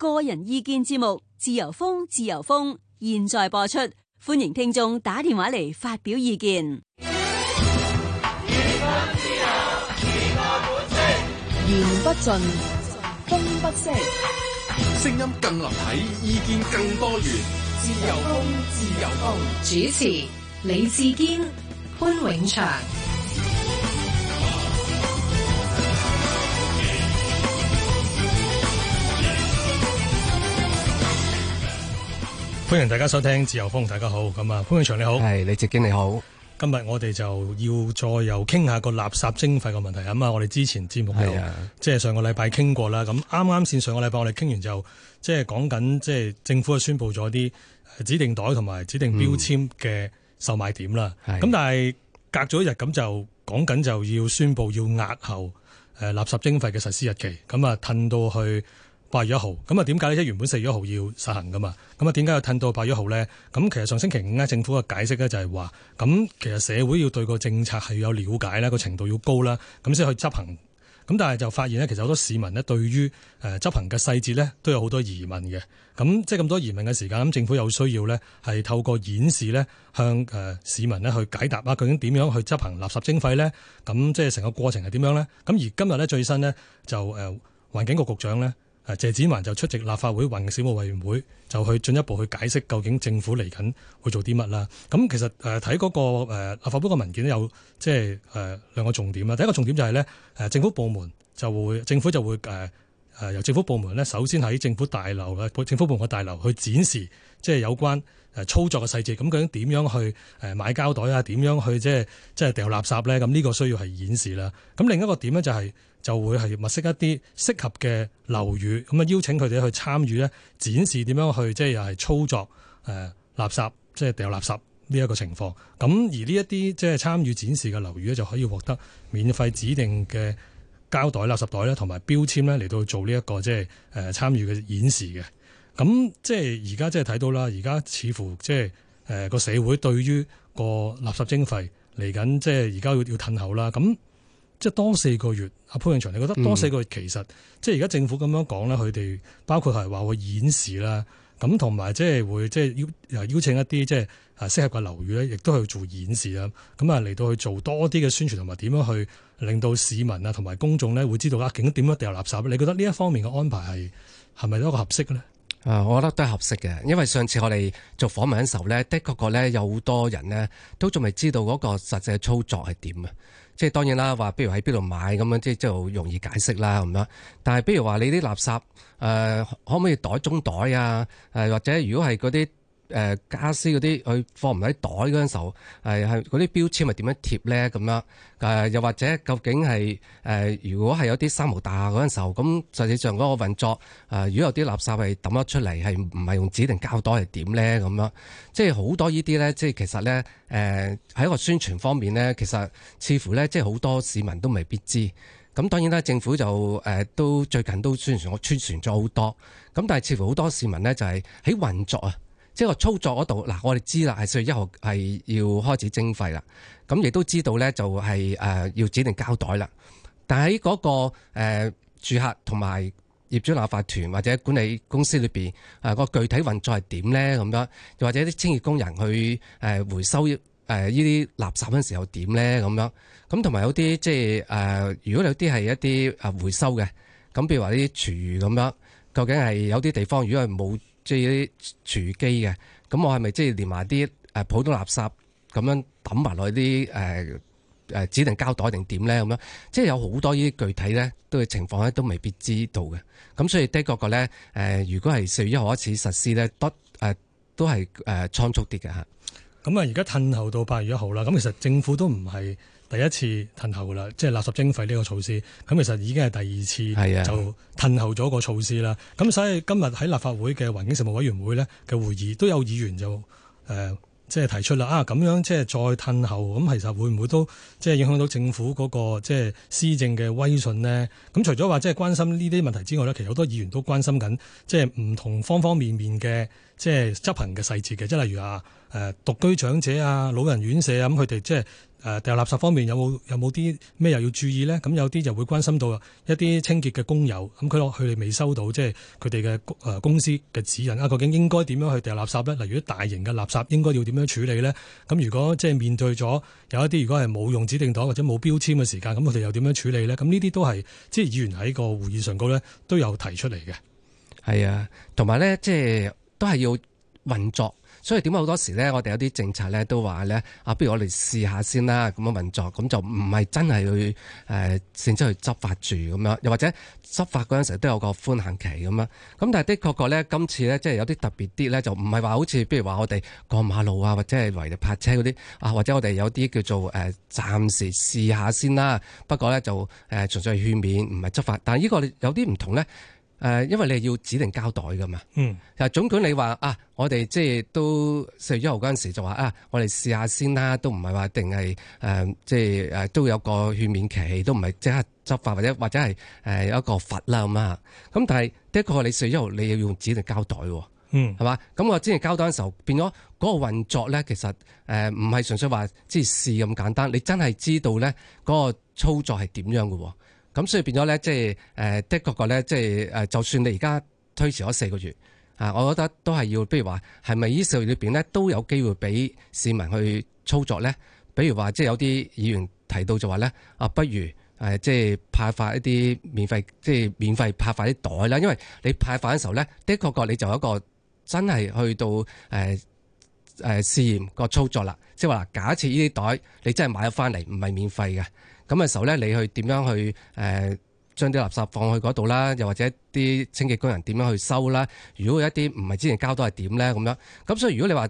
個人意見節目《自由風》，自由風現在播出，歡迎聽眾打電話嚟發表意見。言不盡，風不息，聲音更立體，意見更多元。自由風，自由風，主持李志堅、潘永祥。歡迎大家收聽自由風，大家好。咁啊，潘永祥你好，係李直經你好。今日我哋就要再又傾下個垃圾徵費個問題啊、嗯、我哋之前節目有是、啊、即係上個禮拜傾過啦。咁啱啱先，上個禮拜我哋傾完就即係講緊即係政府啊宣布咗啲指定袋同埋指定標籤嘅售賣點啦。咁、嗯嗯、但係隔咗一日咁就講緊就要宣布要押後誒垃圾徵費嘅實施日期。咁啊褪到去。八月一號，咁啊點解呢？即原本四月一號要實行噶嘛，咁啊點解要褪到八月一號咧？咁其實上星期五咧，政府嘅解釋咧就係話，咁其實社會要對個政策係有了解啦，個程度要高啦，咁先去執行。咁但係就發現咧，其實好多市民呢，對於執行嘅細節咧都有好多疑問嘅。咁即係咁多疑問嘅時間，咁政府有需要咧係透過演示咧向市民呢去解答啊，究竟點樣去執行垃圾徵費咧？咁即係成個過程係點樣咧？咁而今日咧最新呢，就誒環境局局長咧。啊，謝展寰就出席立法會環境事務委員會，就去進一步去解釋究竟政府嚟緊會做啲乜啦。咁其實誒睇嗰個立法會嗰個文件有即係誒兩個重點啦。第一個重點就係呢，誒政府部門就會政府就會誒誒由政府部門呢，首先喺政府大樓咧，政府部門嘅大樓去展示即係有關。誒操作嘅細節，咁究竟點樣去誒買膠袋啊？點樣去即係即係掉垃圾咧？咁、這、呢個需要係演示啦。咁另一個點咧、就是、就係就會係物色一啲適合嘅樓宇，咁啊邀請佢哋去參與咧，展示點樣去即係又係操作誒垃圾，即係掉垃圾呢一個情況。咁而呢一啲即係參與展示嘅樓宇咧，就可以獲得免費指定嘅膠袋、垃圾袋咧，同埋標籤咧嚟到做呢一個即係誒參與嘅演示嘅。咁即係而家即係睇到啦，而家似乎即係誒個社會對於個垃圾徵費嚟緊，即係而家要要褪後啦。咁即係多四個月，阿潘永祥你覺得多四個月其實即係而家政府咁樣講咧，佢哋包括係話會演示啦，咁同埋即係會即係邀邀請一啲即係誒適合嘅樓宇咧，亦都去做演示啊。咁啊嚟到去做多啲嘅宣傳同埋點樣去令到市民啊同埋公眾咧會知道啊，景點樣掉垃圾，你覺得呢一方面嘅安排係係咪一個合適嘅呢？啊，我覺得都係合適嘅，因為上次我哋做訪問嘅時候咧，的確個咧有好多人咧都仲未知道嗰個實際操作係點嘅，即係當然啦，話不如喺邊度買咁樣，即係即係好容易解釋啦咁樣。但係譬如話你啲垃圾，誒、呃、可唔可以袋中袋啊？呃、或者如果係嗰啲。誒家私嗰啲，佢放唔喺袋嗰陣時候，係係嗰啲標籤係點樣貼咧？咁樣誒，又或者究竟係誒、呃，如果係有啲三毛大廈嗰陣時候，咁實際上嗰個運作誒、呃，如果有啲垃圾係抌咗出嚟，係唔係用指定膠袋係點咧？咁樣即係好多呢啲咧，即係其實咧誒，喺、呃、一個宣傳方面咧，其實似乎咧即係好多市民都未必知。咁當然啦，政府就誒都、呃、最近都宣傳，我宣傳咗好多。咁但係似乎好多市民咧就係、是、喺運作啊。即係個操作嗰度，嗱我哋知啦，係四月一號係要開始徵費啦。咁亦都知道咧，就係要指定膠袋啦。但係嗰個住客同埋業主立法團或者管理公司裏面誒、個具體運作係點咧？咁樣又或者啲清潔工人去回收呢啲垃圾嘅時候點咧？咁樣咁同埋有啲即係如果有啲係一啲回收嘅，咁譬如話啲廚餘咁樣，究竟係有啲地方如果係冇？即係啲廚機嘅，咁我係咪即係連埋啲誒普通垃圾咁樣抌埋落啲誒誒指定膠袋定點咧？咁樣即係有好多呢啲具體咧，都係情況咧，都未必知道嘅。咁所以的確個咧誒，如果係四月一號開始實施咧，都誒、呃、都係誒倉促啲嘅嚇。咁、呃、啊，而家褪後到八月一號啦。咁其實政府都唔係。第一次褪後啦，即係垃圾徵費呢個措施，咁其實已經係第二次就褪後咗個措施啦。咁所以今日喺立法會嘅環境事務委員會呢，嘅會議，都有議員就誒即係提出啦。啊，咁樣即係再褪後，咁其實會唔會都即係影響到政府嗰個即係施政嘅威信呢？咁除咗話即係關心呢啲問題之外呢，其實好多議員都關心緊，即係唔同方方面面嘅，即係執行嘅細節嘅，即係例如啊誒獨居長者啊、老人院舍啊，咁佢哋即係。誒掉垃圾方面有冇有冇啲咩又要注意呢？咁有啲就會關心到一啲清潔嘅工友，咁佢落佢哋未收到，即係佢哋嘅誒公司嘅指引啊。究竟應該點樣去掉垃圾呢？例如啲大型嘅垃圾應該要點樣處理呢？咁如果即係面對咗有一啲如果係冇用指定袋或者冇標籤嘅時間，咁佢哋又點樣處理呢？咁呢啲都係即係議員喺個會議上高呢都有提出嚟嘅。係啊，同埋呢，即係都係要運作，所以點解好多時咧，我哋有啲政策咧都話咧，啊，不如我哋試下先啦，咁樣運作，咁就唔係真係去誒，甚至去執法住咁樣，又或者執法嗰陣時都有個寬限期咁樣。咁但係的確個咧，今次咧，即係有啲特別啲咧，就唔係話好似，譬如話我哋過馬路啊，或者係違例泊車嗰啲啊，或者我哋有啲叫做誒暫時試下先啦。不過咧就誒，純粹係勸勉，唔係執法。但係呢個有啲唔同咧。誒，因為你係要指定膠袋噶嘛。嗯，但總管你話啊，我哋即係都四月一號嗰陣時就話啊，我哋試下先啦，都唔係話定係誒、呃，即係誒都有個豁免期，都唔係即刻執法或者或者係誒有一個罰啦咁啊，咁但係的確你四月一號你要用指定膠袋，嗯，係嘛？咁我之前交代嗰陣時候，變咗嗰個運作咧，其實誒唔係純粹話即係試咁簡單，你真係知道咧嗰個操作係點樣嘅喎。咁所以變咗咧，即係誒，的確個咧，即係誒，就算你而家推遲咗四個月，啊，我覺得都係要，譬如話，係咪呢四月裏邊咧都有機會俾市民去操作咧？比如話，即係有啲議員提到就話咧，啊，不如誒，即係派發一啲免費，即係免費派發啲袋啦，因為你派發嘅時候咧，的確個你就有一個真係去到誒誒試驗個操作啦，即係話假設呢啲袋你真係買咗翻嚟，唔係免費嘅。咁嘅時候咧，你去點樣去誒將啲垃圾放去嗰度啦？又或者啲清潔工人點樣去收啦？如果有一啲唔係之前膠袋係點咧咁樣？咁所以如果你話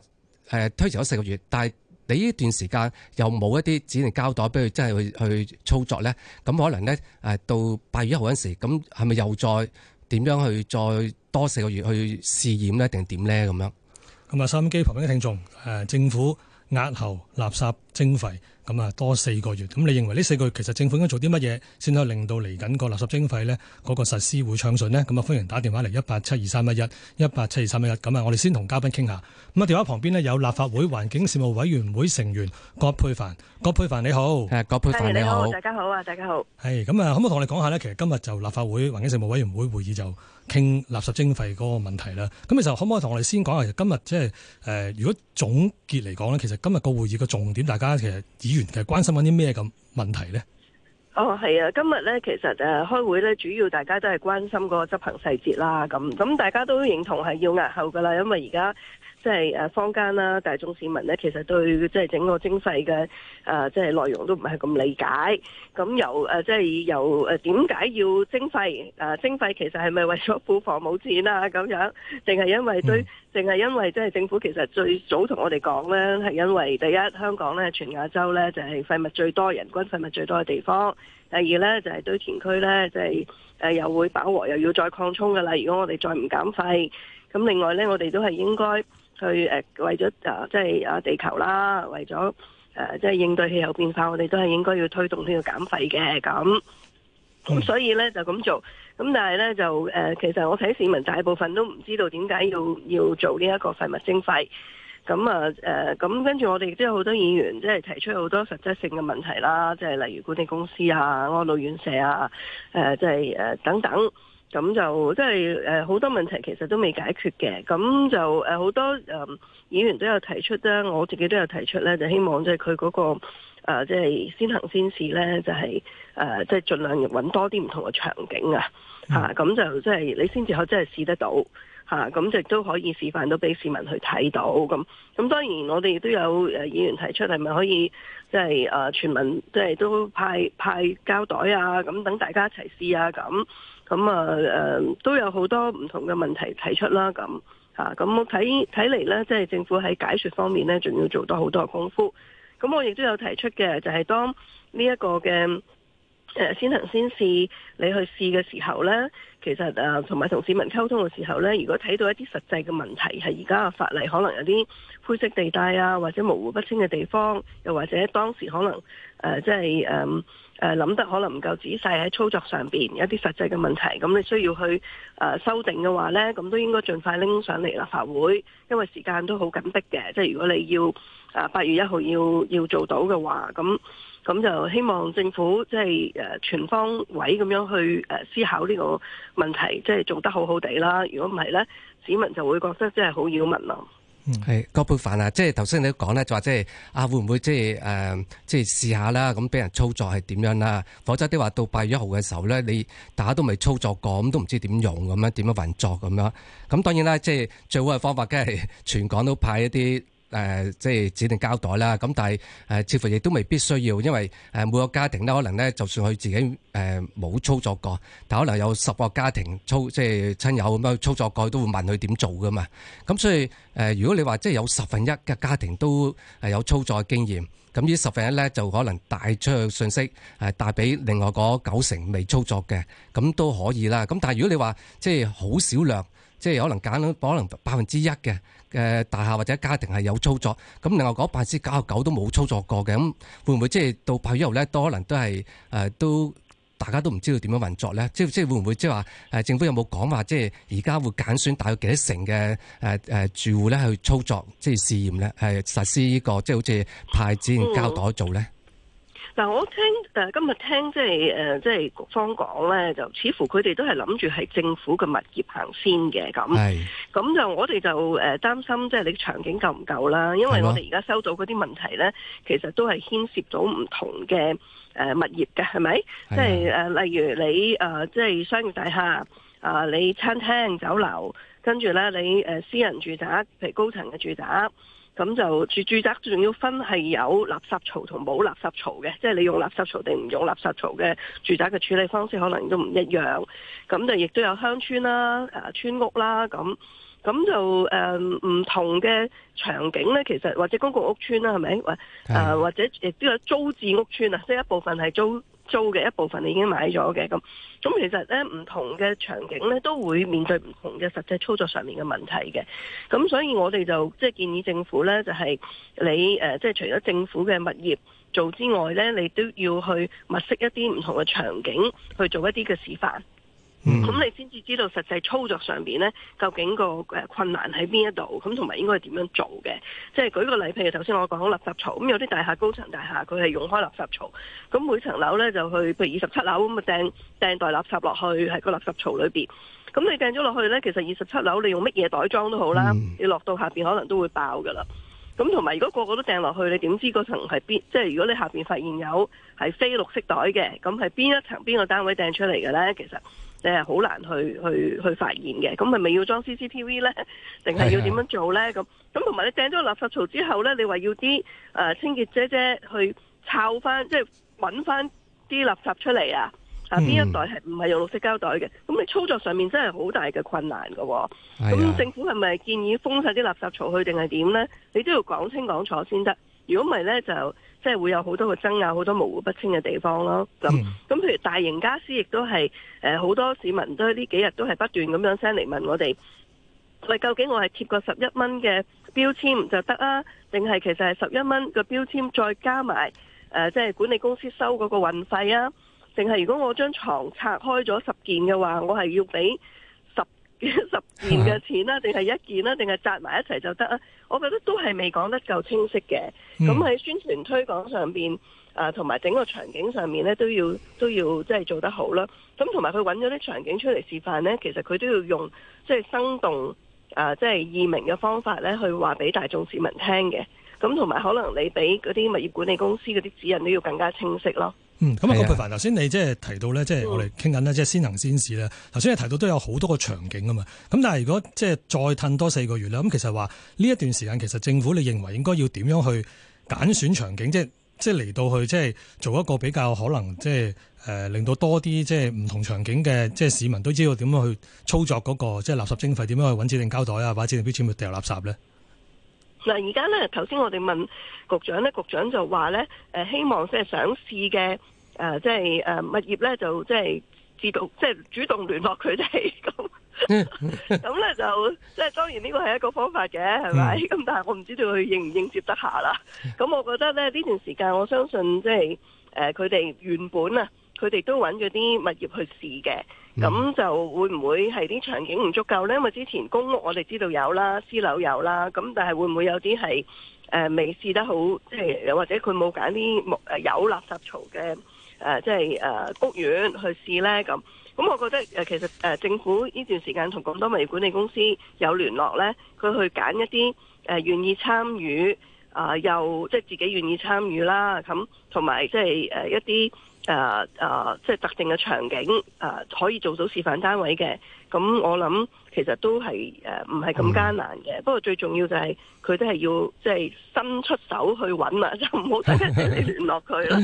誒推遲咗四個月，但係你呢段時間又冇一啲指定膠袋俾佢真係去去操作咧，咁可能咧誒到八月一號嗰陣時，咁係咪又再點樣去再多四個月去試驗咧，定係點咧咁樣呢？咁啊，收音機旁邊嘅聽眾誒，政府押後垃圾徵費。咁啊，多四個月。咁你認為呢四個月其實政府應該做啲乜嘢先可以令到嚟緊個垃圾徵費呢嗰個實施會暢順呢？咁啊，歡迎打電話嚟一八七二三一一一八七二三一一。咁啊，我哋先同嘉賓傾下。咁啊，電話旁邊呢，有立法會環境事務委員會成員葛珮帆。葛珮帆你好，葛珮帆你好，大家好啊，大家好。係咁啊，可唔可以同我哋講下呢？其實今日就立法會環境事務委員會會,會議就。傾垃圾徵費嗰個問題啦，咁其實可唔可以同我哋先講下？其實今日即係誒，如果總結嚟講咧，其實今日個會議嘅重點，大家其實議員其實關心緊啲咩咁問題咧？哦，係啊，今日咧其實誒、啊、開會咧，主要大家都係關心嗰個執行細節啦。咁咁大家都認同係要押後噶啦，因為而家。即係誒坊間啦，大眾市民呢，其實對即係整個徵費嘅誒，即係內容都唔係咁理解。咁由誒，即係由誒點解要徵費？誒徵費其實係咪為咗庫房冇錢啊？咁樣，定係因為堆，定、嗯、係因為即係政府其實最早同我哋講呢，係因為第一香港呢，全亞洲呢，就係廢物最多、人均廢物最多嘅地方。第二呢，就係堆填區呢，就係誒又會飽和，又要再擴充㗎喇。如果我哋再唔減廢，咁另外呢，我哋都係應該。去誒、啊、為咗啊，即係啊地球啦，為咗誒、啊、即係應對氣候變化，我哋都係應該要推動呢個減廢嘅咁。咁、嗯、所以咧就咁做，咁但係咧就誒、啊，其實我睇市民大部分都唔知道點解要要做呢一個廢物徵費。咁啊誒，咁、啊啊、跟住我哋亦都有好多議員即係提出好多實質性嘅問題啦，即係例如管理公司啊、安老院舍啊、誒即係誒等等。咁就即係誒好多問題其實都未解決嘅，咁就誒好、呃、多誒議、呃、員都有提出咧，我自己都有提出咧，就希望即係佢嗰個即係、呃就是、先行先試咧，就係誒即係盡量揾多啲唔同嘅場景啊，咁、嗯啊、就即係你先至可真係試得到咁、啊、就都可以示範到俾市民去睇到咁。咁當然我哋亦都有議員提出係咪可以即係誒全民即係、就是、都派派膠袋啊，咁等大家一齊試啊咁。咁、嗯、啊，都有好多唔同嘅問題提出啦，咁咁我睇睇嚟呢，即係、就是、政府喺解說方面呢，仲要做多好多功夫。咁我亦都有提出嘅，就係、是、當呢一個嘅先行先試，你去試嘅時候呢，其實同埋同市民溝通嘅時候呢，如果睇到一啲實際嘅問題係而家嘅法例可能有啲灰色地帶啊，或者模糊不清嘅地方，又或者當時可能誒，即、呃、係、就是嗯誒諗得可能唔夠仔細，喺操作上面有啲實際嘅問題，咁你需要去誒修訂嘅話呢，咁都應該盡快拎上嚟立法會，因為時間都好緊迫嘅。即係如果你要誒八月一號要要做到嘅話，咁咁就希望政府即係誒全方位咁樣去誒思考呢個問題，即係做得好好地啦。如果唔係呢，市民就會覺得真係好擾民啊。係葛珮帆啊，即係頭先你都講咧，就話即係啊，會唔會即係誒，即、呃、係試下啦，咁俾人操作係點樣啦？否則啲話到八月一號嘅時候咧，你大家都未操作過，咁都唔知點用咁樣，點樣運作咁樣？咁當然啦，即係最好嘅方法，梗係全港都派一啲。誒，即係指定膠袋啦。咁但係誒，似乎亦都未必需要，因為誒每個家庭呢，可能呢，就算佢自己誒冇操作過，但可能有十個家庭操即係親友咁樣操作過，都會問佢點做㗎嘛。咁所以誒，如果你話即係有十分一嘅家庭都係有操作經驗，咁呢十分一呢就可能帶出去信息，誒帶俾另外嗰九成未操作嘅，咁都可以啦。咁但係如果你話即係好少量，即係可能揀到可能百分之一嘅。嘅、呃、大廈或者家庭係有操作。咁另外嗰八千九百九都冇操作過嘅，咁會唔會即係到八月一號咧，多可能都係誒都大家都唔知道點樣運作咧？即即會唔會即係話誒政府有冇講話即係而家會揀選大概幾多成嘅誒誒住戶咧去操作，即係試驗咧，係、呃、實施呢個即係好似派紙膠袋做咧？但我聽，但今日聽，即係誒，即係局方講咧，就似乎佢哋都係諗住係政府嘅物業行先嘅咁。係。咁就我哋就誒、呃、擔心，即係你場景夠唔夠啦？因為我哋而家收到嗰啲問題咧，其實都係牽涉到唔同嘅誒、呃、物業嘅，係咪？即係誒，例如你誒、呃，即係商業大廈啊、呃，你餐廳、酒樓，跟住咧你誒、呃、私人住宅，譬如高層嘅住宅。咁就住住宅仲要分係有垃圾槽同冇垃圾槽嘅，即係你用垃圾槽定唔用垃圾槽嘅住宅嘅處理方式可能都唔一樣。咁就亦都有鄉村啦、誒村屋啦，咁咁就誒唔同嘅場景咧，其實或者公共屋邨啦，係咪？或誒或者亦都有租置屋邨啊，即係一部分係租。租嘅一部分你已經買咗嘅，咁咁其實咧唔同嘅場景咧都會面對唔同嘅實際操作上面嘅問題嘅，咁所以我哋就即係、就是、建議政府咧就係、是、你誒即係除咗政府嘅物業做之外咧，你都要去物色一啲唔同嘅場景去做一啲嘅示範。咁、嗯、你先至知道實際操作上邊呢，究竟個誒困難喺邊一度，咁同埋應該點樣做嘅？即係舉個例，譬如頭先我講好垃圾槽，咁有啲大廈高層大廈，佢係用開垃圾槽，咁每層樓呢，就去譬如二十七樓咁掟掟袋垃圾落去喺個垃圾槽裏邊。咁你掟咗落去呢，其實二十七樓你用乜嘢袋裝都好啦，嗯，你落到下邊可能都會爆噶啦。咁同埋如果個個都掟落去，你點知嗰層係邊？即係如果你下邊發現有係非綠色袋嘅，咁係邊一層邊個單位掟出嚟嘅呢？其實。你係好難去去去發現嘅，咁係咪要裝 CCTV 咧？定係要點樣做咧？咁咁同埋你掟咗垃圾槽之後咧，你話要啲誒、呃、清潔姐姐去摷翻，即係揾翻啲垃圾出嚟啊？啊，邊一袋係唔係用綠色膠袋嘅？咁你操作上面真係好大嘅困難㗎、啊。咁、哎、政府係咪建議封晒啲垃圾槽去，定係點咧？你都要講清講楚先得。如果唔係咧，就。即係會有好多個爭拗，好多模糊不清嘅地方咯。咁咁，譬如大型家私，亦都係，誒好多市民都呢幾日都係不斷咁樣 send 嚟問我哋，喂，究竟我係貼個十一蚊嘅標籤就得啊？定係其實係十一蚊個標籤再加埋誒，即係管理公司收嗰個運費啊？定係如果我將牀拆開咗十件嘅話，我係要俾？ 十件嘅錢啦、啊，定係一件啦、啊，定係紮埋一齊就得啊？我覺得都係未講得夠清晰嘅。咁、嗯、喺宣傳推廣上邊啊，同、呃、埋整個場景上面咧，都要都要即係、就是、做得好啦。咁同埋佢揾咗啲場景出嚟示範呢，其實佢都要用即係、就是、生動啊，即係易明嘅方法呢，去話俾大眾市民聽嘅。咁同埋可能你俾嗰啲物業管理公司嗰啲指引都要更加清晰咯。嗯，咁、那、啊、個，葛珮帆，頭先你即係提到咧，即係我哋傾緊咧，即係先行先試呢。頭先你提到都有好多個場景㗎嘛，咁但係如果即係再褪多四個月咧，咁其實話呢一段時間其實政府你認為應該要點樣去揀選場景，即係即係嚟到去即係做一個比較可能即係令到多啲即係唔同場景嘅即係市民都知道點樣去操作嗰、那個即係垃圾徵費，點樣去揾指定膠袋啊，或者指定標籤去掉垃圾咧？嗱，而家咧，頭先我哋問局長咧，局長就話咧、呃，希望即係想試嘅，即係誒、呃、物業咧，就即係自動，即係主動聯絡佢哋咁。咁咧 就即係當然呢個係一個方法嘅，係咪？咁、嗯、但係我唔知道佢應唔應接得下啦。咁我覺得咧呢段時間，我相信即係佢哋原本啊。佢哋都揾咗啲物業去試嘅，咁就會唔會係啲場景唔足夠呢？因為之前公屋我哋知道有啦，私樓有啦，咁但係會唔會有啲係、呃、未試得好，即係或者佢冇揀啲冇有垃圾槽嘅誒，即係誒屋苑去試呢？咁咁，咁我覺得誒其實誒、呃、政府呢段時間同咁多物業管理公司有聯絡呢，佢去揀一啲誒願意參與啊、呃，又即係、即係、自己願意參與啦，咁同埋即係誒一啲。誒誒，即係特定嘅場景，誒、uh，可以做到示範單位嘅。咁我諗其實都係誒唔係咁艱難嘅，不過最重要就係佢都係要即係伸出手去揾嘛，就唔好等人哋聯絡佢啦。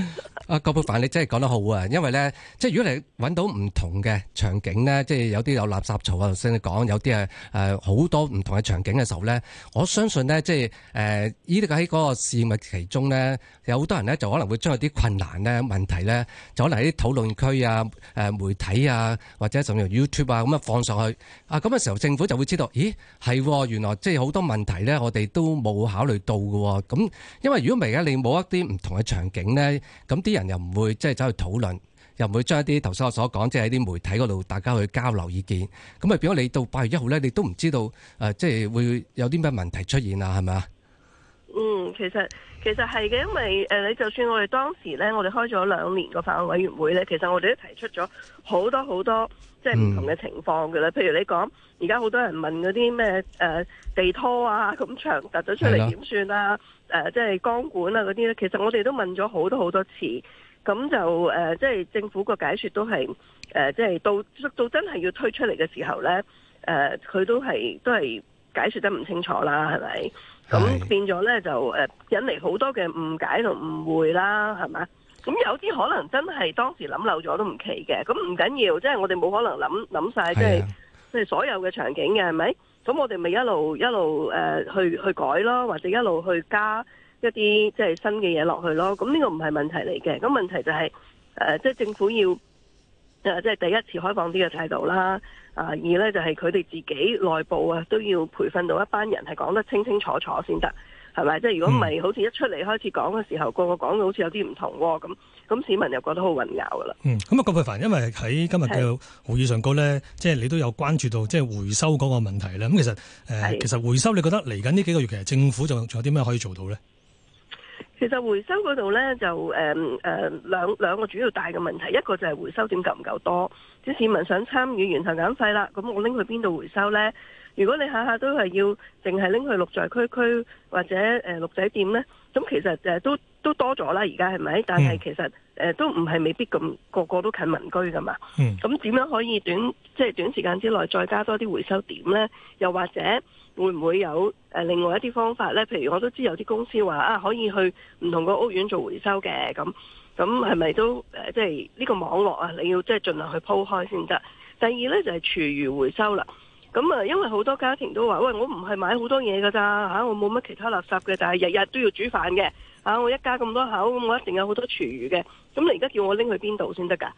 阿葛珮帆，你真係講得好啊！因為咧，即係如果你揾到唔同嘅場景咧，即係有啲有垃圾槽啊，頭先你講；有啲係誒好多唔同嘅場景嘅時候咧，我相信咧，即係誒依啲喺嗰個事物其中咧，有好多人咧就可能會將有啲困難咧、問題咧，就可能喺啲討論區啊、誒媒體啊，或者甚至 YouTube 啊咁啊放。放上去啊！咁嘅時候，政府就會知道，咦，係，原來即係好多問題咧，我哋都冇考慮到喎。咁因為如果而家你冇一啲唔同嘅場景咧，咁啲人又唔會即係走去討論，又唔會將一啲頭先我所講，即係喺啲媒體嗰度大家去交流意見。咁啊，變咗你到八月一號咧，你都唔知道誒，即係會有啲咩問題出現啊？係咪啊？嗯，其實其實係嘅，因為誒你、呃、就算我哋當時咧，我哋開咗兩年個法案委員會咧，其實我哋都提出咗好多好多即係唔同嘅情況嘅啦。譬如你講而家好多人問嗰啲咩地拖啊，咁長突咗出嚟點算啊？即係光管啊嗰啲咧，其實我哋都問咗好多好多次，咁就誒即係政府個解説都係誒即係到到真係要推出嚟嘅時候咧，誒、呃、佢都係都係解説得唔清楚啦，係咪？咁變咗呢，就誒引嚟好多嘅誤解同誤會啦，係咪？咁有啲可能真係當時諗漏咗都唔奇嘅。咁唔緊要，即係我哋冇可能諗諗晒，即係即係所有嘅場景嘅，係咪？咁我哋咪一路一路誒去去改咯，或者一路去加一啲即係新嘅嘢落去咯。咁呢個唔係問題嚟嘅。咁問題就係誒，即係政府要即係第一次開放啲嘅態度啦。啊！二咧就係佢哋自己內部啊，都要培訓到一班人係講得清清楚楚先得，係咪？即係如果唔係，好似一出嚟開始講嘅時候，嗯、個個講到好似有啲唔同喎、哦，咁咁市民又覺得好混淆噶啦。嗯，咁啊，葛珮帆，因為喺今日嘅會議上高咧，即係你都有關注到即係回收嗰個問題咧。咁其實、呃、其實回收，你覺得嚟緊呢幾個月其實政府仲仲有啲咩可以做到咧？其實回收嗰度呢，就誒誒兩兩個主要大嘅問題，一個就係回收點夠唔夠多，即市民想參與源頭減廢啦。咁我拎去邊度回收呢？如果你下下都係要淨係拎去綠在區區或者誒、呃、綠仔店呢，咁其實都都多咗啦。而家係咪？但係其實誒、呃、都唔係未必咁個個都近民居噶嘛。嗯。咁點樣可以短即係短時間之內再加多啲回收點呢？又或者？會唔會有誒另外一啲方法呢？譬如我都知有啲公司話啊，可以去唔同個屋苑做回收嘅咁，咁係咪都即係呢個網絡啊？你要即係盡量去鋪開先得。第二呢，就係廚餘回收啦。咁啊，因為好多家庭都話：喂，我唔係買好多嘢㗎咋嚇，我冇乜其他垃圾嘅，但係日日都要煮飯嘅，啊，我一家咁多口，我一定有好多廚餘嘅。咁你而家叫我拎去邊度先得㗎？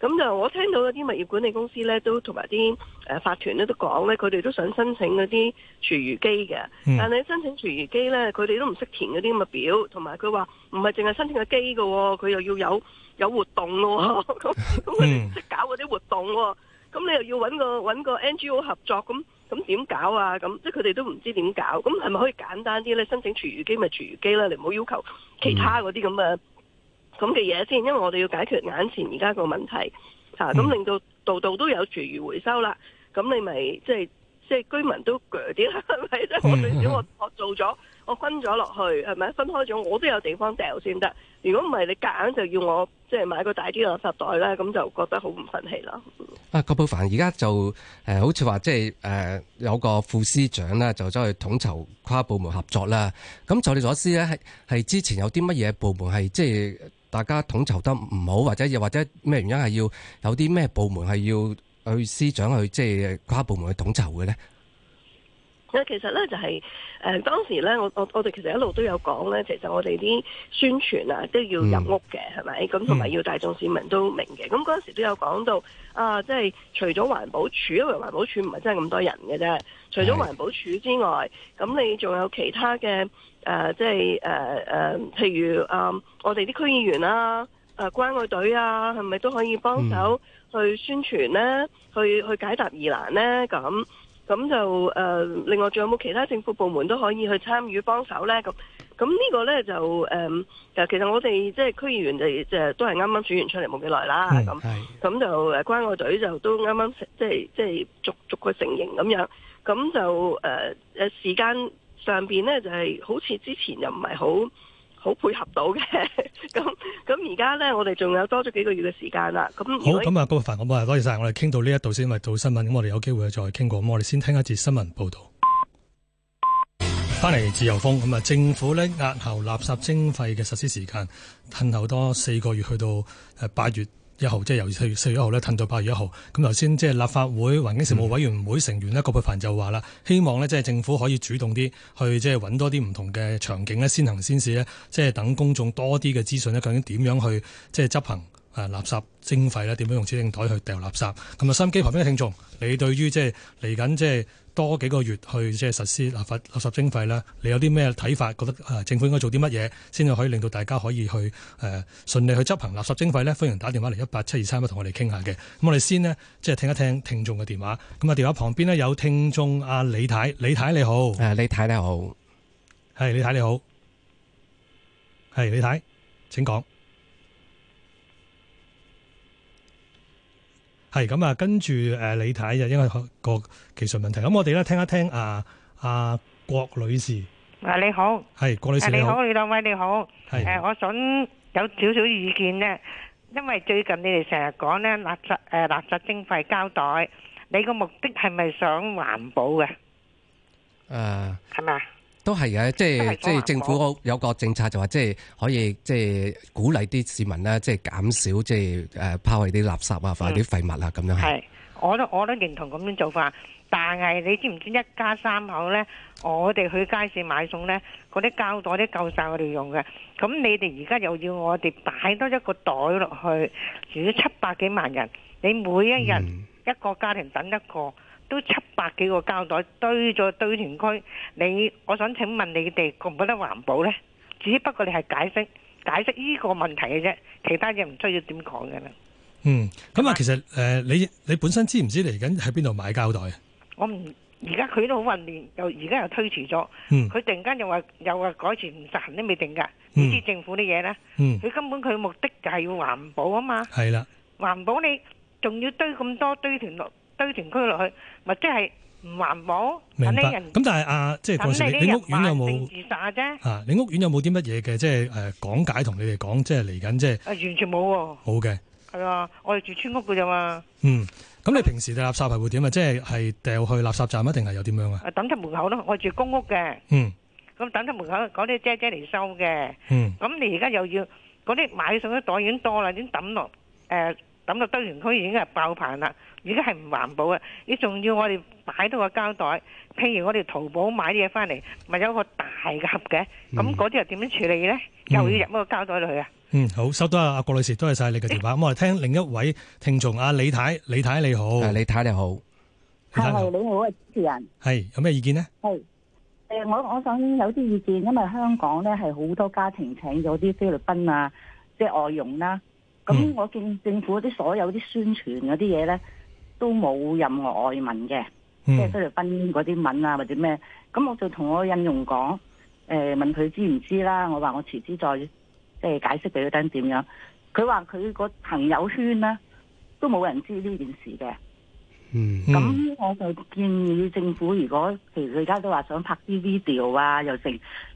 咁就我聽到嗰啲物業管理公司咧，都同埋啲誒法團咧都講咧，佢哋都想申請嗰啲廚餘機嘅、嗯。但係申請廚餘機咧，佢哋都唔識填嗰啲咁嘅表，同埋佢話唔係淨係申請個機嘅、哦，佢又要有有活動咯。咁咁佢哋唔識搞嗰啲活動喎、哦。咁你又要搵個，個 NGO 合作，咁咁點搞啊？咁即係佢哋都唔知點搞。咁係咪可以簡單啲咧？申請廚餘機咪廚餘機啦，你唔好要，要求其他嗰啲咁嘅。嗯咁嘅嘢先，因為我哋要解決眼前而家個問題，嚇咁令到度度都有廚餘回收啦。咁你咪即係即係居民都腳啲啦，係咪？即、嗯、係我最少我我做咗，我分咗落去係咪？分開咗，我都有地方掉先得。如果唔係，你夾硬，硬就要我即係、就是、買個大啲垃圾袋啦，咁就覺得好唔忿氣啦。啊，葛珮帆，而家就好似話即係誒有個副司長啦就走去統籌跨部門合作啦。咁就你所知咧，係之前有啲乜嘢部門係即係？大家統籌得唔好，或者又或者咩原因係要有啲咩部門係要去司長去即係跨部門去統籌嘅咧？其實呢、就是，就係誒當時呢，我我我哋其實一路都有講呢。其實我哋啲宣傳啊都要入屋嘅，係、嗯、咪？咁同埋要大眾市民都明嘅。咁嗰陣時都有講到啊，即係除咗環保署，因為環保署唔係真係咁多人嘅啫。除咗環保署之外，咁你仲有其他嘅誒、呃，即係誒誒，譬如啊、呃，我哋啲區議員啦、啊，誒關愛隊啊，係咪都可以幫手去宣傳呢？嗯、去去解答疑難呢？咁？咁就誒、呃，另外仲有冇其他政府部門都可以去參與幫手咧？咁咁呢個咧就誒、呃，其實我哋即係區議員就即、呃、都係啱啱選完出嚟冇幾耐啦。咁咁就誒關愛隊就都啱啱即係即係逐逐個成形咁樣，咁就誒誒、呃、時間上面咧就係、是、好似之前又唔係好。好配合到嘅，咁咁而家呢，我哋仲有多咗幾個月嘅時間啦。咁好，咁啊，高煇，我哋多謝晒。我哋傾到呢一度先，因為到新聞。咁我哋有機會再傾過。咁我哋先聽一節新聞報道。翻嚟 自由風咁啊，政府呢押後垃圾徵費嘅實施時間，褪後多四個月，去到誒八月。一號即係由四月四月一號咧，褪到八月一號。咁頭先即係立法會環境事務委員會成員呢、嗯，葛珮帆就話啦，希望呢，即係政府可以主動啲去即係揾多啲唔同嘅場景先行先試，呢即係等公眾多啲嘅資訊呢，究竟點樣去即係執行啊，垃圾徵費呢，點樣用指定袋去掉垃圾。咁、嗯、啊，收音機旁邊嘅聽眾，你對於即係嚟緊即係？多幾個月去即係實施立法垃圾徵，徵費啦。你有啲咩睇法？覺得誒政府應該做啲乜嘢先至可以令到大家可以去誒、呃、順利去執行垃圾徵，徵費咧？歡迎打電話嚟一八七二三一同我哋傾下嘅。咁我哋先呢，即係聽一聽聽眾嘅電話。咁啊，電話旁邊呢，有聽眾阿、啊、李太，李太你好，誒、啊、李太，太，好李太你好，係李太你好，係李太請講。係咁啊，跟住誒，你睇就因為個技術問題，咁我哋咧聽一聽阿阿郭女士。啊，你好。係郭女士。你好，你兩位你好。係。誒，我想有少少意見咧，因為最近你哋成日講咧垃圾誒，垃圾徵費交代，你個目的係咪想環保嘅？誒。係咪？都係嘅，即係即係政府有個政策就話，即係可以即係鼓勵啲市民啦，即係減少即係誒拋棄啲垃圾啊，或啲廢物啊咁、嗯、樣。係，我都我都認同咁樣做法，但係你知唔知一家三口咧？我哋去街市買餸咧，嗰啲膠袋都夠晒我哋用嘅。咁你哋而家又要我哋擺多一個袋落去？如果七百幾萬人，你每一日一個家庭等一個，嗯都七百幾個膠袋堆咗堆填區，你我想請問你哋覺唔覺得環保咧？只不過你係解釋解釋呢個問題嘅啫，其他嘢，唔需要點講嘅啦。嗯，咁啊，其實誒，你你本身知唔知嚟緊喺邊度買膠袋啊？我唔而家佢都好混亂，又而家又推遲咗，嗯，佢突然間又話又話改善唔實行都未定噶，呢啲政府啲嘢咧，嗯，佢根本佢目的就係要環保啊嘛，係啦，環保你仲要堆咁多堆填落？堆填區落去，咪即係唔環保。明白。咁但係啊，即係講你屋苑有冇嚇？你屋苑有冇啲乜嘢嘅即係誒講解同你哋講，即係嚟緊即係。啊，完全冇喎。好嘅。係啊，我哋住村屋嘅啫嘛。嗯，咁你平時嘅垃圾係會點啊？即係係掉去垃圾站啊，定係又點樣啊？啊，抌出門口咯，我住公屋嘅。嗯。咁抌出門口，嗰啲姐姐嚟收嘅。嗯。咁你而家又要嗰啲買上啲袋已經多啦，已經抌落誒。咁個堆填區已經係爆棚啦，而家係唔環保嘅，你仲要我哋擺多個膠袋。譬如我哋淘寶買嘢翻嚟，咪有個大盒嘅，咁嗰啲又點樣處理咧？又要入嗰個膠袋裏啊？嗯，好，收到啊，阿郭女士，多謝晒你嘅電話。咁我哋聽另一位聽眾啊，李太，李太你好，李太你好，李太你好啊，主持人，係有咩意見咧？係誒，我我想有啲意見，因為香港咧係好多家庭請咗啲菲律賓啊，即係外傭啦。咁、嗯、我見政府啲所有啲宣傳嗰啲嘢咧，都冇任何外文嘅，即係菲律賓嗰啲文啊或者咩。咁我就同我印傭講，誒問佢知唔知啦？我話我遲啲再即係解釋俾佢聽點樣。佢話佢個朋友圈咧都冇人知呢件事嘅。嗯，咁、嗯、我就建議政府，如果譬如佢而家都話想拍啲 video 啊，又成，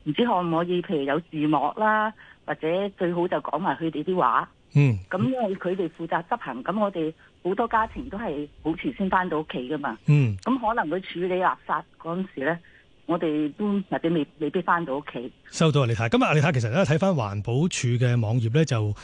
唔知可唔可以？譬如有字幕啦，或者最好就講埋佢哋啲話。嗯，咁因為佢哋負責執行，咁我哋好多家庭都係好遲先翻到屋企噶嘛。嗯，咁可能佢處理垃圾嗰陣時咧，我哋都或者未未必翻到屋企。收到啊，李太。咁啊，李太，其實咧睇翻環保署嘅網頁咧，就誒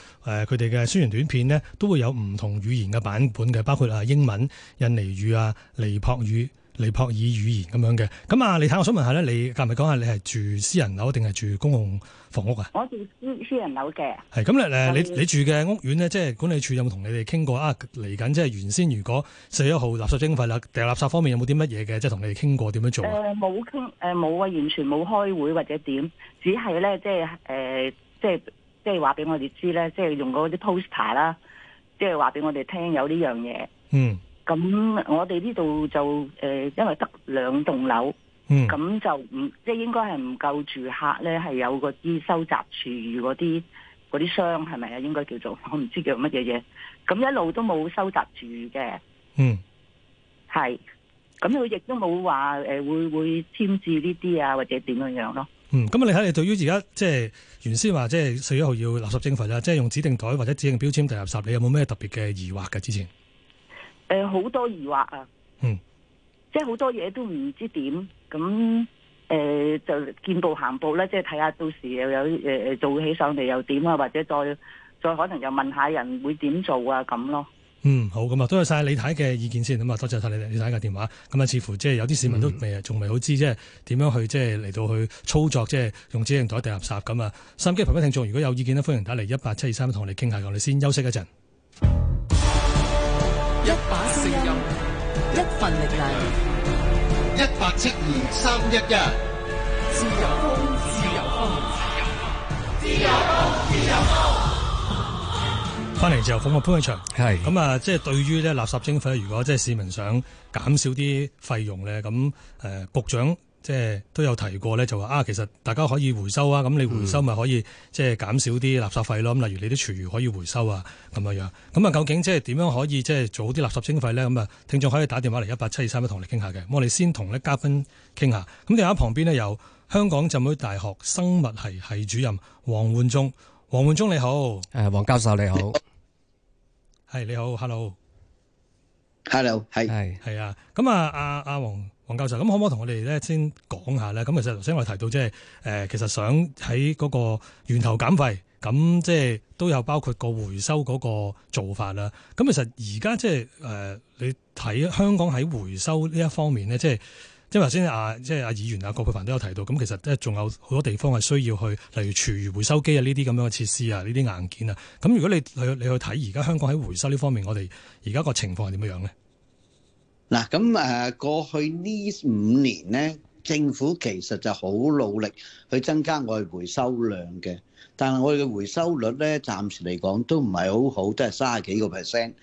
佢哋嘅宣傳短片呢，都會有唔同語言嘅版本嘅，包括啊英文、印尼語啊、尼泊語。尼泊爾語言咁樣嘅，咁啊，你睇，我想問下咧，你係咪講下你係住私人樓定係住公共房屋啊？我住私私人樓嘅。係、嗯、咁你你住嘅屋苑呢，即係管理處有冇同你哋傾過啊？嚟緊即係原先如果四月一號垃圾徵費啦，掉垃圾方面有冇啲乜嘢嘅，即係同你哋傾過點樣做？冇傾，誒冇啊，完全冇開會或者點，只係咧即係誒，即係即係話俾我哋知咧，即係用嗰啲 poster 啦，即係話俾我哋聽有呢樣嘢。嗯。咁我哋呢度就誒、呃，因為得兩棟樓，咁、嗯、就唔即係應該係唔夠住客咧，係有個啲收集廚餘嗰啲嗰啲箱係咪啊？應該叫做我唔知道叫乜嘢嘢。咁一路都冇收集住嘅，嗯，係咁，佢亦都冇話誒會會添置呢啲啊，或者點樣樣咯、啊。嗯，咁你睇你對於而家即係原先話即係四月一號要垃圾徵費啦，即係用指定袋或者指定標籤嚟垃圾，你有冇咩特別嘅疑惑嘅之前？誒、呃，好多疑惑啊！嗯，即係好多嘢都唔知點，咁誒、呃、就見步行步啦，即係睇下到時又有誒誒、呃、做起上嚟又點啊，或者再再可能又問下人會點做啊，咁咯。嗯，好，咁啊，多謝晒李太嘅意見先。咁啊，多謝晒你李太嘅電話。咁啊，似乎即係有啲市民都未，啊、嗯，仲未好知，即係點樣去，即係嚟到去操作，即係用指定袋定垃圾咁啊。收音機旁邊聽眾，如果有意見呢，歡迎打嚟一八七二三，同我哋傾下，我哋先休息一陣。一把聲音，一份力量，一八七二三一一。自由風，自由風，自由風，自由風。翻嚟自由風嘅 潘偉翔，係咁啊！即係、呃就是、對於垃圾徵費，如果即係市民想減少啲費用咧，咁、呃、局長。即係都有提過咧，就話啊，其實大家可以回收啊，咁你回收咪可以即係減少啲垃圾費咯。咁例如你啲廚餘可以回收啊，咁樣樣。咁啊，究竟即係點樣可以即係做好啲垃圾徵費咧？咁啊，聽眾可以打電話嚟一八七二三一同你傾下嘅。我哋先同呢嘉賓傾下。咁電話旁邊呢，有香港浸會大學生物系系主任黃煥忠。黃煥忠你好。誒，黃教授你好。係、hey, 你好，hello。hello 係係係啊。咁啊，阿阿黃。黃教授，咁可唔可以同我哋咧先講下咧？咁其實頭先我提到，就是，即係其實想喺嗰個源頭減費，咁即係都有包括個回收嗰個做法啦。咁其實而家即係你睇香港喺回收呢一方面呢，即係即係頭先阿即係阿議員阿、啊、葛珮帆都有提到，咁其實即係仲有好多地方係需要去，例如廚餘回收機啊呢啲咁樣嘅設施啊，呢啲硬件啊。咁如果你去你去睇而家香港喺回收呢方面，我哋而家個情況係點樣呢？咧？嗱咁誒，過去呢五年咧，政府其實就好努力去增加我哋回收量嘅，但係我哋嘅回收率咧，暫時嚟講都唔係好好，都係三十幾個 percent。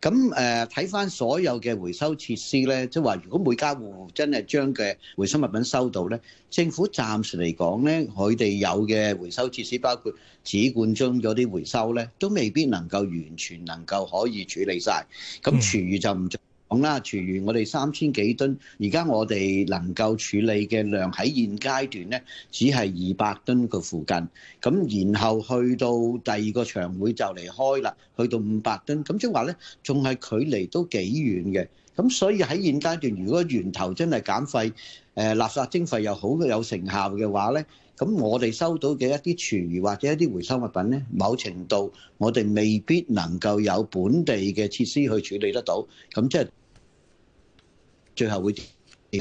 咁誒，睇翻所有嘅回收設施咧，即係話如果每家戶戶真係將嘅回收物品收到咧，政府暫時嚟講咧，佢哋有嘅回收設施包括紙罐樽嗰啲回收咧，都未必能夠完全能夠可以處理晒，咁廚餘就唔。咁啦，廚餘我哋三千幾噸，而家我哋能夠處理嘅量喺現階段咧，只係二百噸個附近。咁然後去到第二個場會就嚟開啦，去到五百噸。咁即係話咧，仲係距離都幾遠嘅。咁所以喺現階段，如果源頭真係減廢，誒垃圾徵費又好有成效嘅話咧，咁我哋收到嘅一啲廚餘或者一啲回收物品咧，某程度我哋未必能夠有本地嘅設施去處理得到。咁即係。最後會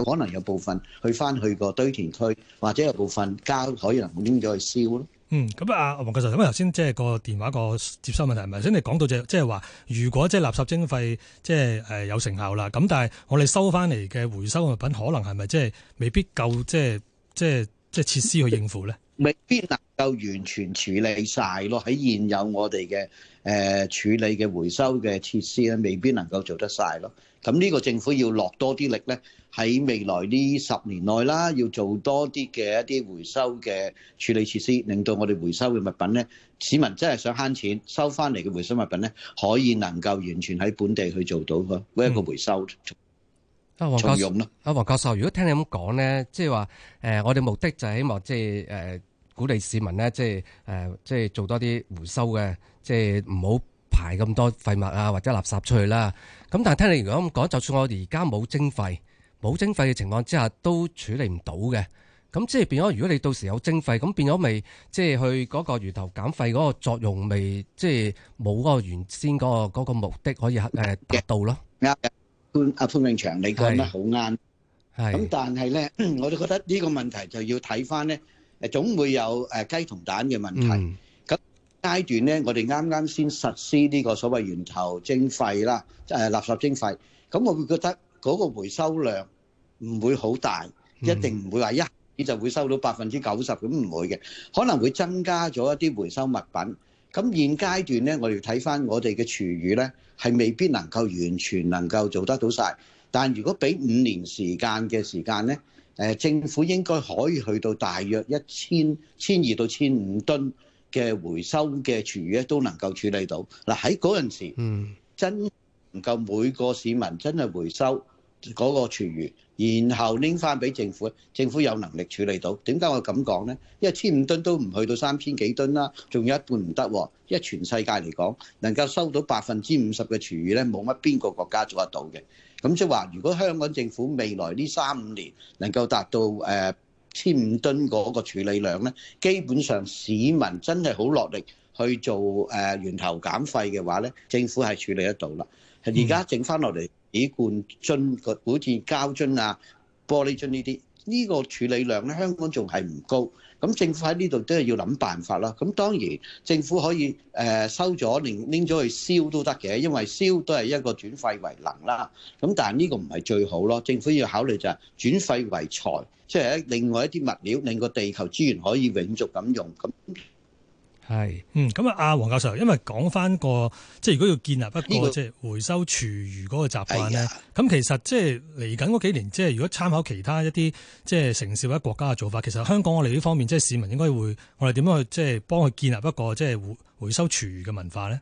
可能有部分去翻去個堆填區，或者有部分交可能拎咗去燒咯。嗯，咁啊，黃教授，咁啊頭先即係個電話個接收問題係咪先？是是你講到隻即係話，如果即係垃圾徵費即係、即係呃、有成效啦，咁但係我哋收翻嚟嘅回收物品，可能係咪即係未必夠即係即係即係設施去應付咧？未必能夠完全處理晒咯，喺現有我哋嘅誒處理嘅回收嘅設施咧，未必能夠做得晒咯。咁呢個政府要落多啲力咧，喺未來呢十年內啦，要做多啲嘅一啲回收嘅處理設施，令到我哋回收嘅物品咧，市民真係想慳錢收翻嚟嘅回收物品咧，可以能夠完全喺本地去做到嗰每一個回收、嗯。啊，黃教授，啊，黃教授，如果聽你咁講咧，即係話，誒、呃，我哋目的就係希望，即係，誒，鼓勵市民咧，即係，誒、呃，即係做多啲回收嘅，即係唔好排咁多廢物啊或者垃圾出去啦。咁但係聽你如果咁講，就算我哋而家冇徵費，冇徵費嘅情況之下，都處理唔到嘅。咁即係變咗，如果你到時有徵費，咁變咗咪，即係去嗰個源頭減廢嗰個作用，咪即係冇嗰個原先嗰、嗰個、嗰個目的可以誒達到咯。Yeah. Yeah. 潘，阿潘永祥，你講得好啱。係咁，但係咧，我都覺得呢個問題就要睇返咧，誒總會有誒雞同蛋嘅問題。咁階段咧，我哋啱啱先實施呢個所謂源頭徵費啦，誒垃圾徵費。咁我會覺得嗰個回收量唔會好大，一定唔會話一啲就會收到百分之九十咁，唔會嘅，可能會增加咗一啲回收物品。咁現階段咧，我哋睇翻我哋嘅廚餘咧，係未必能夠完全能夠做得到晒。但如果俾五年時間嘅時間咧，誒政府應該可以去到大約一千千二到千五噸嘅回收嘅廚餘咧，都能夠處理到。嗱喺嗰陣時，嗯，真唔夠每個市民真係回收。嗰、那個廚餘，然後拎翻俾政府，政府有能力處理到。點解我咁講呢？因為千五噸都唔去到三千幾噸啦，仲有一半唔得喎。因為全世界嚟講，能夠收到百分之五十嘅廚餘呢，冇乜邊個國家做得到嘅。咁即係話，如果香港政府未來呢三五年能夠達到千五噸嗰個處理量呢，基本上市民真係好落力去做源頭減費嘅話呢，政府係處理得到啦。而家剩翻落嚟，幾罐樽個，好似膠樽啊、玻璃樽呢啲，呢個處理量咧，香港仲係唔高。咁政府喺呢度都係要諗辦法啦。咁當然政府可以誒收咗，連拎咗去燒都得嘅，因為燒都係一個轉廢為能啦。咁但係呢個唔係最好咯。政府要考慮就係轉廢為財，即係另外一啲物料，令個地球資源可以永續咁用。係，嗯，咁啊，阿黃教授，因為講翻個，即係如果要建立一個、這個、即係回收廚餘嗰個習慣咧，咁、哎、其實即係嚟緊嗰幾年，即係如果參考其他一啲即係城市或者國家嘅做法，其實香港我哋呢方面，即係市民應該會，我哋點樣去即係幫佢建立一個即係回收廚餘嘅文化咧？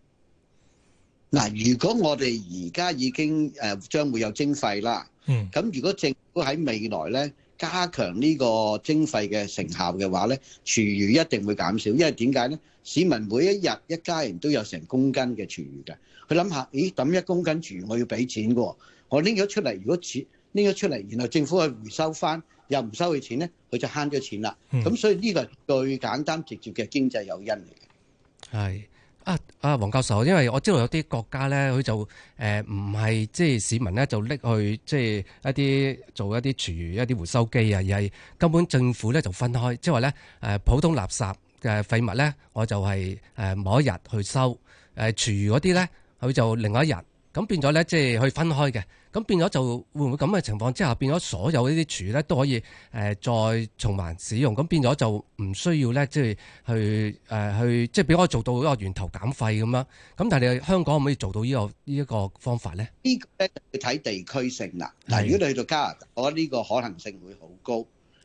嗱，如果我哋而家已經誒將會有徵費啦，咁、嗯、如果政府喺未來咧？加強呢個徵費嘅成效嘅話咧，廚餘一定會減少，因為點解咧？市民每一日一家人都有成公斤嘅廚餘嘅，佢諗下，咦，抌一公斤廚餘我要俾錢嘅喎，我拎咗出嚟，如果錢拎咗出嚟，然後政府去回收返，又唔收佢錢咧，佢就慳咗錢啦。咁、嗯、所以呢個係最簡單直接嘅經濟誘因嚟嘅。係。啊啊，黃教授，因為我知道有啲國家咧，佢就誒唔係即係市民咧，就拎去即係一啲做一啲廚餘一啲回收機啊，而係根本政府咧就分開，即係話咧誒普通垃圾嘅廢物咧，我就係誒某一日去收誒廚餘嗰啲咧，佢、呃、就另外一日，咁變咗咧即係去分開嘅。咁變咗就會唔會咁嘅情況之下，變咗所有呢啲廚咧都可以、呃、再循環使用，咁變咗就唔需要咧，即係去、呃、去即係俾我做到一個源頭減廢咁啦。咁但係你香港可唔可以做到、呢個呢個、呢、呢個呢一個方法咧？呢個咧要睇地區性啦。但係如果你去到加拿大，我覺得呢個可能性會好高，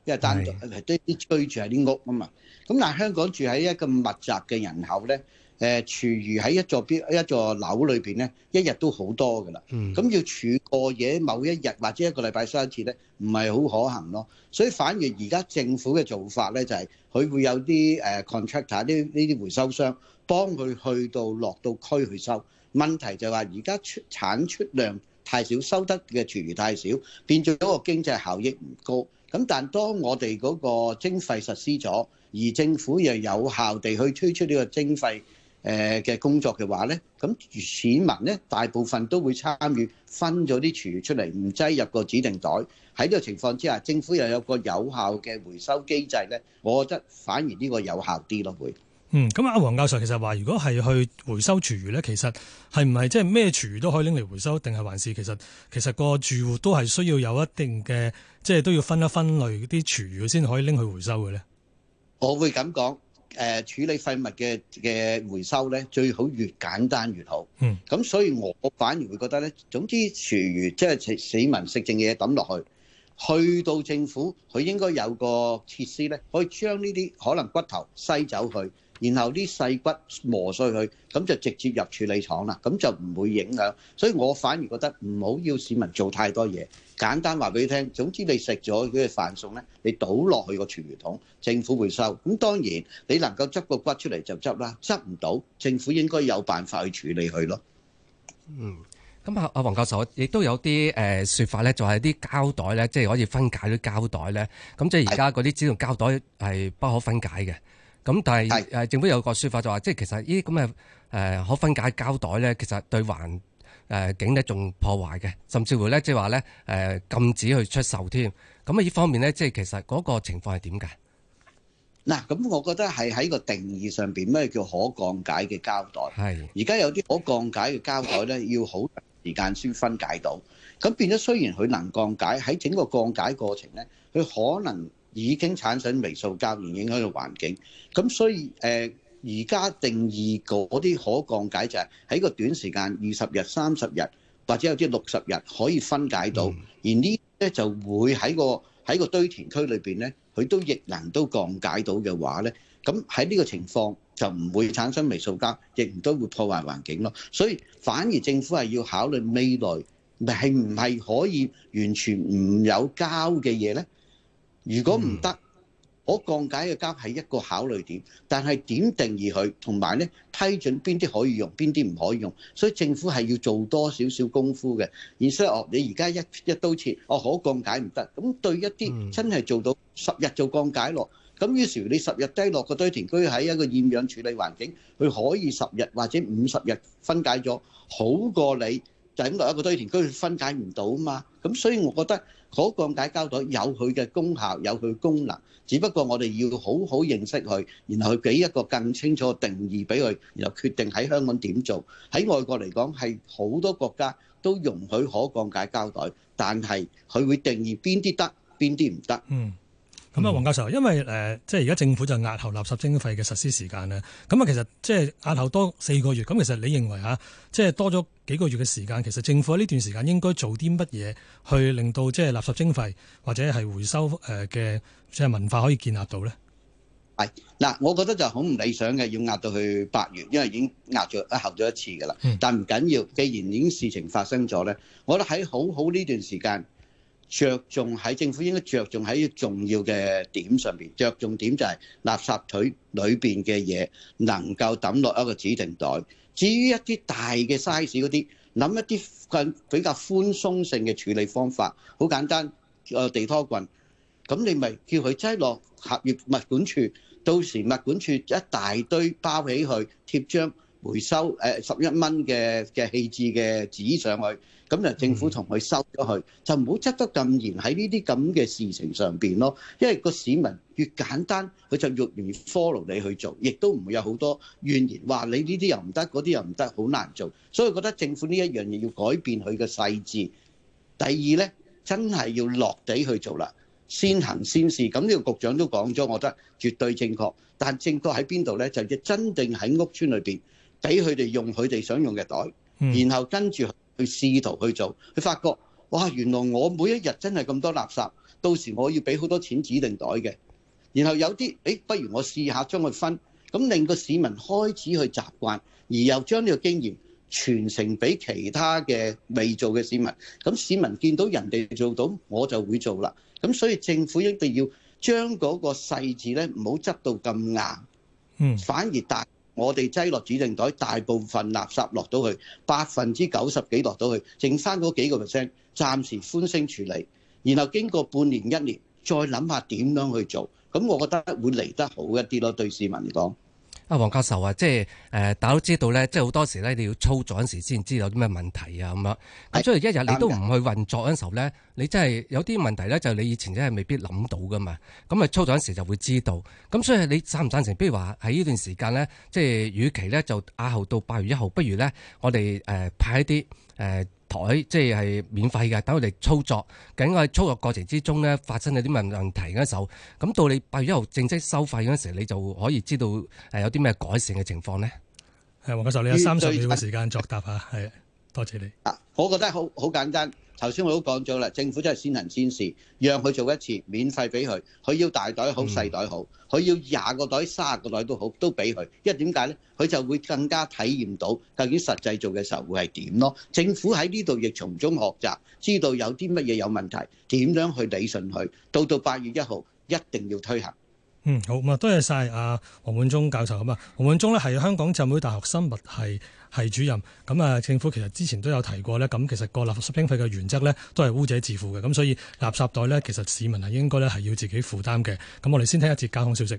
因為單獨啲居住喺啲屋啊嘛。咁但係香港住喺一個密集嘅人口咧。誒廚餘喺一座邊一座樓裏邊咧，一日都好多嘅啦。咁、嗯、要儲過嘢，某一日或者一個禮拜收一次咧，唔係好可行咯。所以反而而家政府嘅做法咧，就係、是、佢會有啲誒 contractor 呢呢啲回收商幫佢去到落到區去收。問題就係話而家出產出量太少，收得嘅廚餘太少，變咗個經濟效益唔高。咁但當我哋嗰個徵費實施咗，而政府又有效地去推出呢個徵費。誒、呃、嘅工作嘅話咧，咁市民咧，大部分都會參與分咗啲廚餘出嚟，唔擠入個指定袋。喺呢個情況之下，政府又有個有效嘅回收機制咧，我覺得反而呢個有效啲咯，會。嗯，咁阿黃教授其實話，如果係去回收廚餘咧，其實係唔係即係咩廚餘都可以拎嚟回收，定係還是其實其實個住戶都係需要有一定嘅，即係都要分一分類啲廚餘先可以拎去回收嘅咧？我會咁講。誒、呃、處理廢物嘅嘅回收咧，最好越簡單越好。嗯，咁所以我反而會覺得咧，總之廚餘即係市民食剩嘢抌落去，去到政府佢應該有個設施咧，可以將呢啲可能骨頭篩走去。然後啲細骨磨碎佢，咁就直接入處理廠啦。咁就唔會影響，所以我反而覺得唔好要市民做太多嘢。簡單話俾你聽，總之你食咗佢嘅飯餸咧，你倒落去個廚餘桶，政府會收。咁當然你能夠執個骨出嚟就執啦，執唔到政府應該有辦法去處理佢咯。嗯，咁啊，阿黃教授亦都有啲誒説法咧，就係啲膠袋咧，即係可以分解啲膠袋咧。咁即係而家嗰啲指定膠袋係不可分解嘅。咁但係誒政府有個説法就話，即係其實呢啲咁嘅誒可分解膠袋咧，其實對環誒境咧仲破壞嘅，甚至乎咧即係話咧誒禁止去出售添。咁啊呢方面咧，即係其實嗰個情況係點㗎？嗱，咁我覺得係喺個定義上邊咩叫可降解嘅膠袋？係。而家有啲可降解嘅膠袋咧，要好長時間先分解到。咁變咗，雖然佢能降解，喺整個降解過程咧，佢可能，已經產生微塑膠，而影響到環境。咁所以誒，而、呃、家定義嗰啲可降解就係喺個短時間，二十日、三十日或者有啲六十日可以分解到。嗯、而呢咧就會喺個喺個堆填區裏邊咧，佢都亦能都降解到嘅話咧，咁喺呢個情況就唔會產生微塑膠，亦唔都會破壞環境咯。所以反而政府係要考慮未來係唔係可以完全唔有膠嘅嘢咧？如果唔得、嗯，可降解嘅膠係一個考慮點，但係點定義佢，同埋咧批准邊啲可以用，邊啲唔可以用，所以政府係要做多少少功夫嘅。而所以哦，你而家一一刀切，哦可降解唔得，咁對一啲真係做到十日就降解落，咁、嗯、於是你十日低落個堆填區喺一個厭氧處理環境，佢可以十日或者五十日分解咗，好過你。就咁落一個堆填區分解唔到啊嘛，咁所以我覺得可降解膠袋有佢嘅功效，有佢功能，只不過我哋要好好認識佢，然後去俾一個更清楚嘅定義俾佢，然後決定喺香港點做。喺外國嚟講係好多國家都容許可降解膠袋，但係佢會定義邊啲得，邊啲唔得。嗯。咁啊，黃教授，因為即係而家政府就押後垃圾徵費嘅實施時間咧。咁啊，其實即係押後多四個月。咁其實你認為啊，即係多咗幾個月嘅時間，其實政府喺呢段時間應該做啲乜嘢，去令到即係垃圾徵費或者係回收嘅即係文化可以建立到咧？嗱，我覺得就好唔理想嘅，要押到去八月，因為已經押咗啊，後咗一次㗎啦，嗯。但唔緊要，既然已經事情發生咗咧，我覺得喺好好呢段時間。着重喺政府應該着重喺重要嘅點上邊，着重點就係垃圾桶裏邊嘅嘢能夠抌落一個指定袋。至於一啲大嘅 size 嗰啲，諗一啲更比較寬鬆性嘅處理方法。好簡單，誒地拖棍，咁你咪叫佢擠落合業物管處，到時物管處一大堆包起佢貼章。回收誒十一蚊嘅嘅廢紙嘅紙上去，咁就政府同佢收咗去，就唔好執得咁嚴喺呢啲咁嘅事情上邊咯。因為個市民越簡單，佢就越容易 follow 你去做，亦都唔會有好多怨言話你呢啲又唔得，嗰啲又唔得，好難做。所以覺得政府呢一樣嘢要改變佢嘅細緻。第二咧，真係要落地去做啦，先行先試。咁呢個局長都講咗，我覺得絕對正確。但正確喺邊度咧？就係要真正喺屋村裏邊。俾佢哋用佢哋想用嘅袋，然後跟住去試圖去做，佢發覺哇，原來我每一日真係咁多垃圾，到時我要俾好多錢指定袋嘅。然後有啲，誒，不如我試下將佢分，咁令個市民開始去習慣，而又將呢個經驗傳承俾其他嘅未做嘅市民。咁市民見到人哋做到，我就會做啦。咁所以政府一定要將嗰個細節咧，唔好執到咁硬，嗯，反而大。我哋擠落指定袋，大部分垃圾落到去，百分之九十幾落到去，剩返嗰幾個 percent 暫時寬鬆處理，然後經過半年一年，再諗下點樣去做，咁我覺得會嚟得好一啲咯，對市民嚟講。啊，黃教授啊，即係誒，大家都知道咧，即係好多時咧，你要操作嗰時先知道有啲咩問題啊，咁樣。咁所以一日你都唔去運作嗰陣時咧，你真係有啲問題咧，就你以前真係未必諗到噶嘛。咁啊，操作嗰時就會知道。咁所以你讚唔讚成？比如話喺呢段時間咧，即係與其咧，就押後到八月一號，不如咧，我哋誒派一啲誒。呃即係免費嘅，等佢哋操作。緊我喺操作過程之中咧，發生咗啲咩問題嘅時候，咁到你八月一號正式收費嗰陣時，你就可以知道誒有啲咩改善嘅情況呢？係。黃教授，你有三十秒嘅時間作答啊！係。多謝你啊！我覺得好好簡單。頭先我都講咗啦，政府真係先行先試，讓佢做一次，免費俾佢。佢要大袋好，細袋好，佢要廿個袋、卅個袋都好，都俾佢。因為點解呢？佢就會更加體驗到究竟實際做嘅時候會係點咯。政府喺呢度亦從中學習，知道有啲乜嘢有問題，點樣去理順佢。到到八月一號，一定要推行。嗯，好嘛，多謝晒阿黃煥忠教授咁啊。黃煥忠咧係香港浸會大學生物系。系主任，咁啊，政府其實之前都有提過呢，咁其實個垃圾收費嘅原則呢都係污者自負嘅，咁所以垃圾袋呢，其實市民係應該呢係要自己負擔嘅。咁我哋先聽一節交通消息。